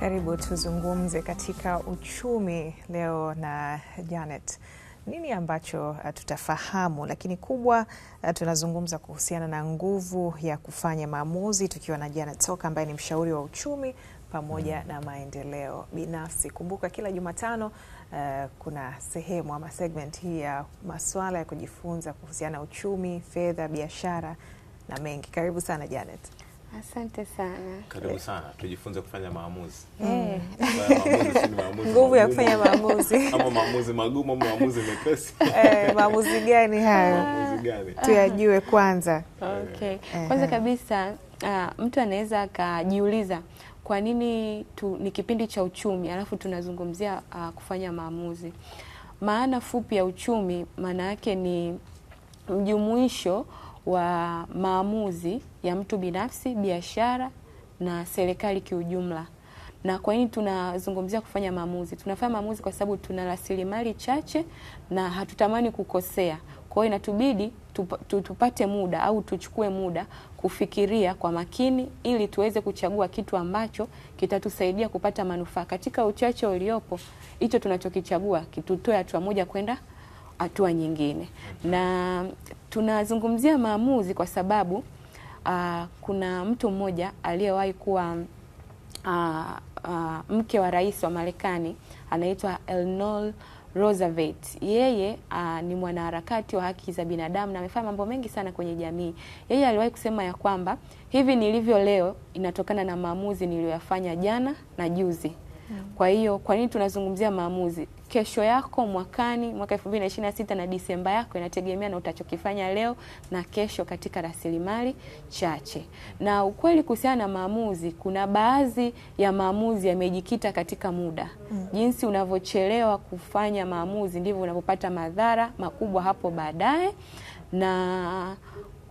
Karibu tuzungumze katika uchumi leo na Janet. Nini ambacho eh, tutafahamu, lakini kubwa eh, tunazungumza kuhusiana na nguvu ya kufanya maamuzi, tukiwa na Janet Soka ambaye ni mshauri wa uchumi pamoja mm. na maendeleo binafsi. Kumbuka kila Jumatano uh, kuna sehemu ama segment hii ya masuala ya kujifunza kuhusiana na uchumi, fedha, biashara na mengi. Karibu sana Janet. Asante sana. Karibu sana. Tujifunze kufanya maamuzi. Mm. Nguvu ya kufanya maamuzi. Ama maamuzi magumu au maamuzi mepesi. Eh, maamuzi gani hayo? Maamuzi gani? Ah. Tuyajue kwanza. Okay. Eh. Kwanza kabisa uh, mtu anaweza akajiuliza kwa nini tu, ni kipindi cha uchumi alafu tunazungumzia uh, kufanya maamuzi. Maana fupi ya uchumi maana yake ni mjumuisho wa maamuzi ya mtu binafsi, biashara na serikali kiujumla. Na kwa nini tunazungumzia kufanya maamuzi? Tunafanya maamuzi kwa sababu tuna rasilimali chache na hatutamani kukosea. Kwa hiyo inatubidi tupate muda au tuchukue muda kufikiria kwa makini ili tuweze kuchagua kitu ambacho kitatusaidia kupata manufaa. Katika uchache uliopo, hicho tunachokichagua kitutoe hatua moja kwenda hatua nyingine, na tunazungumzia maamuzi kwa sababu uh, kuna mtu mmoja aliyewahi kuwa uh, uh, mke wa rais wa Marekani anaitwa Eleanor Roosevelt. Yeye uh, ni mwanaharakati wa haki za binadamu na amefanya mambo mengi sana kwenye jamii. Yeye aliwahi kusema ya kwamba hivi nilivyo leo inatokana na maamuzi niliyoyafanya jana na juzi. Kwa hiyo kwa nini tunazungumzia maamuzi? Kesho yako, mwakani, mwaka elfu mbili na ishirini na sita na Disemba yako inategemea na utachokifanya leo na kesho katika rasilimali chache. Na ukweli kuhusiana na maamuzi, kuna baadhi ya maamuzi yamejikita katika muda mm. Jinsi unavyochelewa kufanya maamuzi ndivyo unavyopata madhara makubwa hapo baadaye na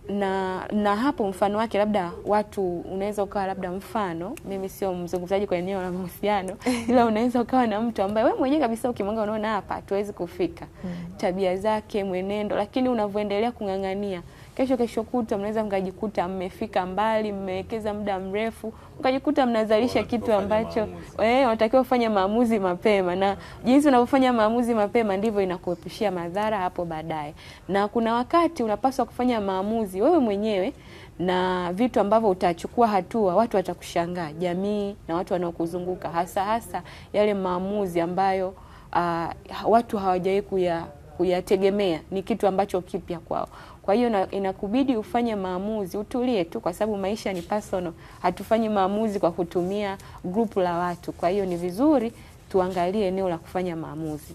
na na hapo mfano wake labda watu unaweza ukawa labda, mfano mimi sio mzungumzaji kwa eneo la mahusiano, ila unaweza ukawa na mtu ambaye wewe mwenyewe kabisa ukimwanga, unaona hapa hatuwezi kufika, mm. tabia zake, mwenendo, lakini unavyoendelea kung'ang'ania kesho kesho kuta mnaweza mkajikuta mmefika mbali, mmewekeza muda mrefu, mkajikuta mnazalisha kitu ambacho eh, unatakiwa kufanya maamuzi mapema, na jinsi unavyofanya maamuzi mapema ndivyo inakuepushia madhara hapo baadaye. Na kuna wakati unapaswa kufanya maamuzi wewe mwenyewe na vitu ambavyo utachukua hatua, watu watakushangaa, jamii na watu wanaokuzunguka, hasa hasa yale maamuzi ambayo uh, watu hawajawahi kuya kuyategemea ni kitu ambacho kipya kwao. Kwa hiyo inakubidi ufanye maamuzi, utulie tu, kwa sababu maisha ni personal. Hatufanyi maamuzi kwa kutumia grupu la watu. Kwa hiyo ni vizuri tuangalie eneo la kufanya maamuzi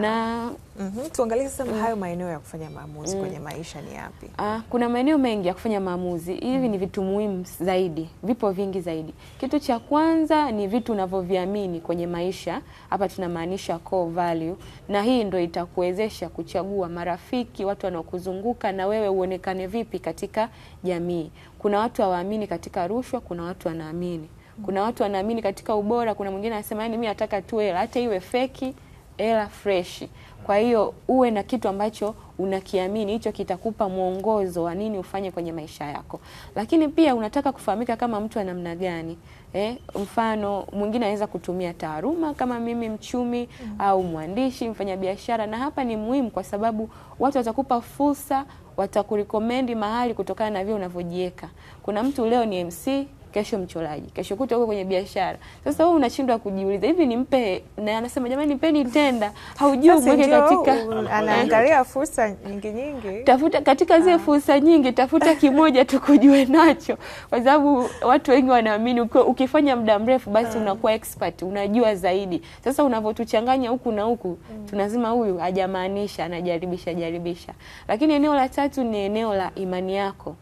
na mm -hmm. Tuangalie sasa mm, hayo maeneo ya kufanya maamuzi mm, kwenye maisha ni yapi? Ah, kuna maeneo mengi ya kufanya maamuzi hivi mm. Ni vitu muhimu zaidi, vipo vingi zaidi. Kitu cha kwanza ni vitu unavyoviamini kwenye maisha, hapa tunamaanisha core value, na hii ndio itakuwezesha kuchagua marafiki, watu wanaokuzunguka, na wewe uonekane vipi katika jamii. Kuna watu hawaamini katika rushwa, kuna watu wanaamini kuna watu wanaamini katika ubora, kuna mwingine anasema yani mimi nataka tu hela, hata iwe feki, hela fresh. Kwa hiyo uwe na kitu ambacho unakiamini, hicho kitakupa mwongozo wa nini ufanye kwenye maisha yako. Lakini pia unataka kufahamika kama mtu wa namna gani eh? Mfano mwingine anaweza kutumia taaruma kama mimi mchumi, mm -hmm. au mwandishi, mfanyabiashara. Na hapa ni muhimu kwa sababu watu watakupa fursa, watakurekomendi mahali kutokana na vile unavyojiweka. Kuna mtu leo ni MC kesho mchoraji, kesho kutwa uko kwenye biashara. Sasa wewe unashindwa kujiuliza hivi, nimpe na anasema jamani, nipeni tenda, haujui mweke katika, anaangalia fursa nyingi nyingi, tafuta katika zile ah. fursa nyingi, tafuta kimoja tukujue nacho, kwa sababu watu wengi wanaamini ukifanya muda mrefu basi ah. unakuwa expert, unajua zaidi. Sasa unavyotuchanganya huku na huku, mm. tunazima huyu hajamaanisha, anajaribisha jaribisha. Lakini eneo la tatu ni eneo la imani yako,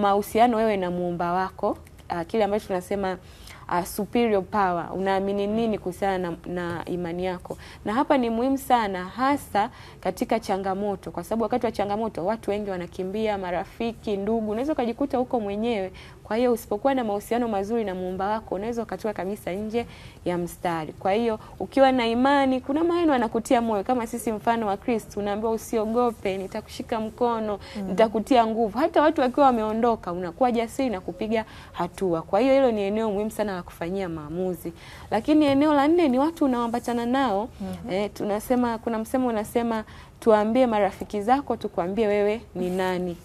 mahusiano wewe na muumba wako uh, kile ambacho tunasema uh, superior power. Unaamini nini kuhusiana na, na imani yako? Na hapa ni muhimu sana, hasa katika changamoto, kwa sababu wakati wa changamoto watu wengi wanakimbia, marafiki, ndugu, unaweza ukajikuta huko mwenyewe kwa hiyo usipokuwa na mahusiano mazuri na muumba wako unaweza ukatoka kabisa nje ya mstari. Kwa hiyo ukiwa na imani, kuna maneno anakutia moyo, kama sisi mfano wa Kristo, unaambiwa usiogope, nitakushika mkono mm. nitakutia nguvu. Hata watu wakiwa wameondoka, unakuwa jasiri na kupiga hatua. Kwa hiyo hilo ni eneo muhimu sana la kufanyia maamuzi, lakini eneo la nne ni watu unaoambatana nao mm -hmm. Eh, tunasema kuna msemo unasema, tuambie marafiki zako tukwambie wewe ni nani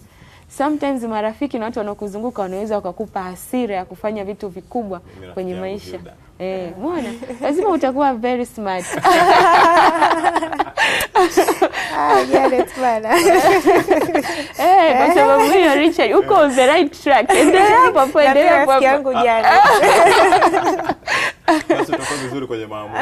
sometimes marafiki na watu wanaokuzunguka wanaweza wakakupa hasira ya kufanya vitu vikubwa kwenye maisha eh, mwona lazima utakuwa very smart ah, eh, kwa sababu hiyo Richard, uko on the right track. Endelea hapo hapo, endelea hapo hapo. yangu jana basi vizuri kwenye maamuzi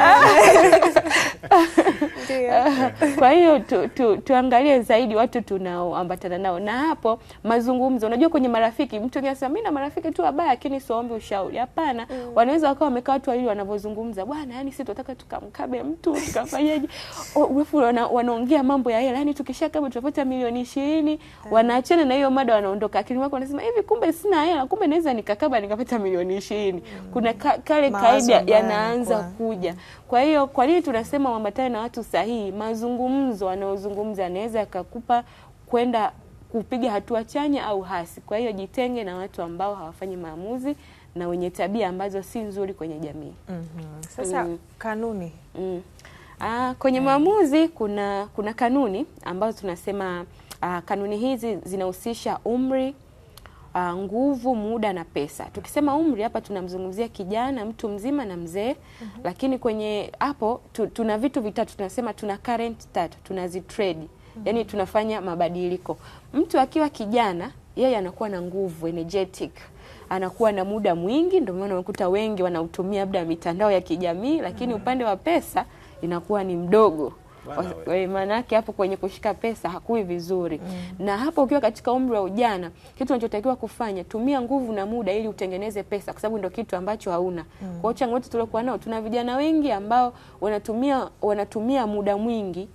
Kwa hiyo tu, tu, tuangalie zaidi watu tunaoambatana nao, na hapo mazungumzo. Unajua, kwenye marafiki mtu anasema mimi na marafiki tu wabaya, lakini siombi ushauri. Hapana, mm. wanaweza wakawa wamekaa watu wawili wanavyozungumza, bwana, yani sisi tunataka tukamkabe mtu tukafanyaje, urefu wanaongea mambo ya hela, yani tukisha kama tutapata milioni ishirini. Mm. Wanaachana na hiyo mada, wanaondoka. Akili wako anasema hivi, kumbe sina hela, kumbe naweza nikakaba nikapata milioni ishirini. Mm. Kuna ka, kale kaida yanaanza kuja. Kwa hiyo kwa nini tunasema uambatane na watu sahihi, mazungumzo anayozungumza anaweza yakakupa kwenda kupiga hatua chanya au hasi. Kwa hiyo jitenge na watu ambao hawafanyi maamuzi na wenye tabia ambazo si nzuri kwenye jamii. mm -hmm. Sasa mm. kanuni mm. Aa, ah, kwenye mm. maamuzi kuna kuna kanuni ambazo tunasema aa, ah, kanuni hizi zinahusisha umri uh, nguvu, muda na pesa. Tukisema umri hapa tunamzungumzia kijana, mtu mzima na mzee mm -hmm. Lakini kwenye hapo tu, tuna vitu vitatu tunasema tuna current tatu tunazitrade mm -hmm. Yani tunafanya mabadiliko. Mtu akiwa kijana yeye anakuwa na nguvu energetic anakuwa na muda mwingi, ndio maana unakuta wengi wanautumia labda mitandao ya kijamii, lakini mhm. upande wa pesa inakuwa ni mdogo. Eh, maana yake hapo kwenye kushika pesa hakui vizuri mm. na hapo ukiwa katika umri wa ujana, kitu unachotakiwa kufanya, tumia nguvu na muda ili utengeneze pesa, kwa sababu ndio kitu ambacho hauna mm. kwa hiyo changamoto tuliokuwa nao, tuna vijana wengi ambao wanatumia wanatumia muda mwingi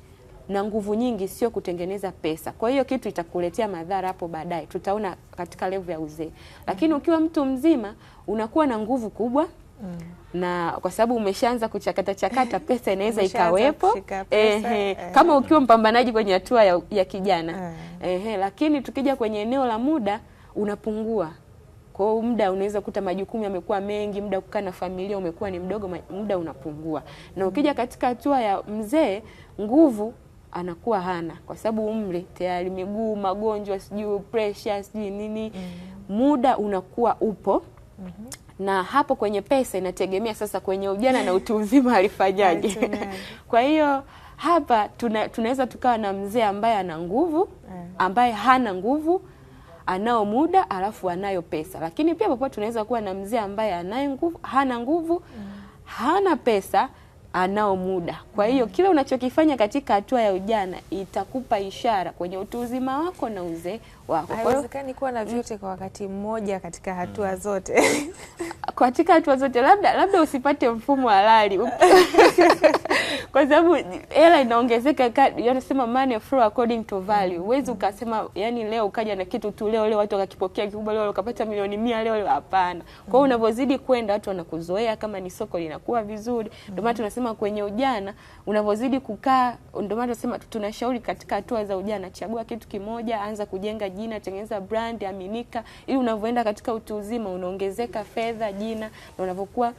na nguvu nyingi sio kutengeneza pesa. Kwa hiyo kitu itakuletea madhara hapo baadaye, tutaona katika levu ya uzee. Lakini mm. ukiwa mtu mzima unakuwa na nguvu kubwa na kwa sababu umeshaanza kuchakata chakata pesa inaweza ikawepo pesa, ehe, eh, kama ukiwa mpambanaji kwenye hatua ya, ya kijana mm. ehe, lakini tukija kwenye eneo la muda unapungua kwa muda unaweza kuta majukumu yamekuwa mengi, muda kukaa na familia umekuwa ni mdogo, muda unapungua. Na mm. ukija katika hatua ya mzee, nguvu anakuwa hana, kwa sababu umri tayari, miguu, magonjwa, sijui pressure, sijui nini mm. muda unakuwa upo mm-hmm na hapo kwenye pesa inategemea sasa kwenye ujana na utu uzima alifanyaje. Kwa hiyo hapa tuna, tunaweza tukawa na mzee ambaye ana nguvu, eh. ambaye hana nguvu, anao muda alafu anayo pesa, lakini pia popote tunaweza kuwa na mzee ambaye anaye nguvu, hana nguvu, mm. hana pesa anao muda. Kwa hiyo mm. unachokifanya katika hatua ya ujana itakupa ishara kwenye utu uzima wako na uzee wako. Haiwezekani kuwa na vyote kwa wakati mmoja katika hatua mm. zote katika hatua zote, labda labda usipate mfumo halali kwa sababu hela inaongezeka kadri, money flow according to value. Mm. Huwezi ukasema yani leo ukaja na kitu tu leo leo watu wakakipokea kikubwa, leo ukapata milioni mia leo leo, hapana. Kwa hiyo mm. unavyozidi kwenda watu wanakuzoea, kama ni soko linakuwa vizuri, ndio maana tunasema tunasema kwenye ujana unavyozidi kukaa, ndio maana tunasema tunashauri katika hatua za ujana, chagua kitu kimoja, anza kujenga jina, tengeneza brand, aminika, ili unavyoenda katika utu uzima unaongezeka fedha, jina na unavyokuwa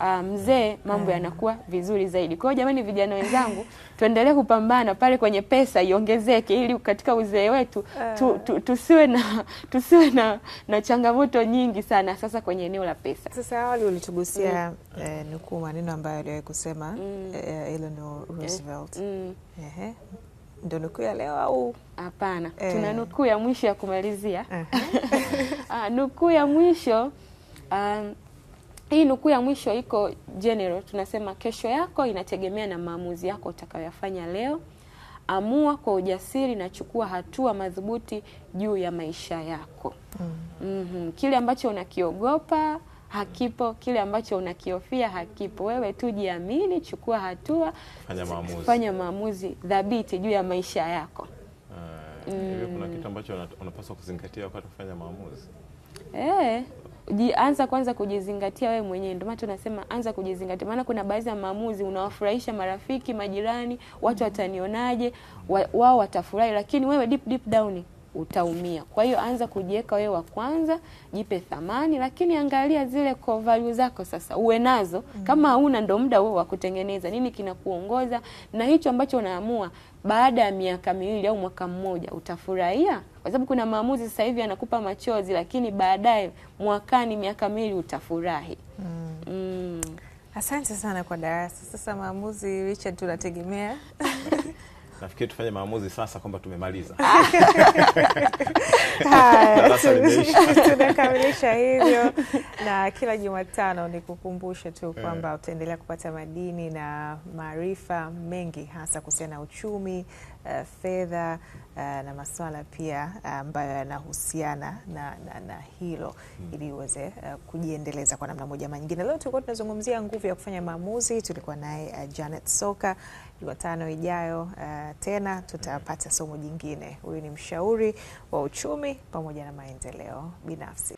Ah, mzee mambo mambo eh. yanakuwa vizuri zaidi. Kwa hiyo jamani, vijana wenzangu, tuendelee kupambana pale kwenye pesa iongezeke, ili katika uzee wetu tu, eh. tu, tusiwe na tusiwe na, na changamoto nyingi sana sasa kwenye eneo la pesa. Sasa awali ulitugusia mm. eh, nukuu maneno ambayo aliwahi kusema mm. eh, Eleanor Roosevelt eh. mm. eh, ndo nukuu ya leo au hapana? eh. tuna nukuu ya mwisho ya kumalizia uh ah, -huh. nukuu ya mwisho um, hii nukuu ya mwisho iko general, tunasema kesho yako inategemea na maamuzi yako utakayoyafanya leo. Amua kwa ujasiri na chukua hatua madhubuti juu ya maisha yako. mm. Mm -hmm. Kile ambacho unakiogopa hakipo, kile ambacho unakihofia hakipo. Wewe tu jiamini, chukua hatua, fanya maamuzi, fanya maamuzi dhabiti juu ya maisha yako. Ah, mm. kuna kitu ambacho unapaswa kuzingatia wakati kufanya maamuzi eh? anza kwanza kujizingatia wewe mwenyewe. Ndio maana tunasema anza kujizingatia, maana kuna baadhi ya maamuzi unawafurahisha marafiki, majirani, watu watanionaje, wao watafurahi, lakini wewe deep deep down utaumia. Kwa hiyo anza kujiweka wewe wa kwanza, jipe thamani, lakini angalia zile core value zako sasa uwe nazo mm. Kama hauna ndo muda huo wa kutengeneza nini kinakuongoza na hicho ambacho unaamua baada ya miaka miwili au mwaka mmoja utafurahia, kwa sababu kuna maamuzi sasa hivi yanakupa machozi, lakini baadaye mwakani, miaka miwili utafurahi mm. Mm. Asante sana kwa darasa. Sasa maamuzi Richard, tunategemea nafikiri tufanye maamuzi sasa kwamba tumemaliza. tunakamilisha hivyo, na kila Jumatano nikukumbushe tu eh. kwamba utaendelea kupata madini na maarifa mengi hasa kuhusiana na uchumi, uh, fedha uh, na masuala pia ambayo uh, yanahusiana na, na, na hilo hmm, ili uweze uh, kujiendeleza kwa namna moja ama nyingine. Leo tulikuwa tunazungumzia nguvu ya kufanya maamuzi, tulikuwa naye uh, Janet Soka Jumatano ijayo uh, tena tutapata somo jingine. Huyu ni mshauri wa uchumi pamoja na maendeleo binafsi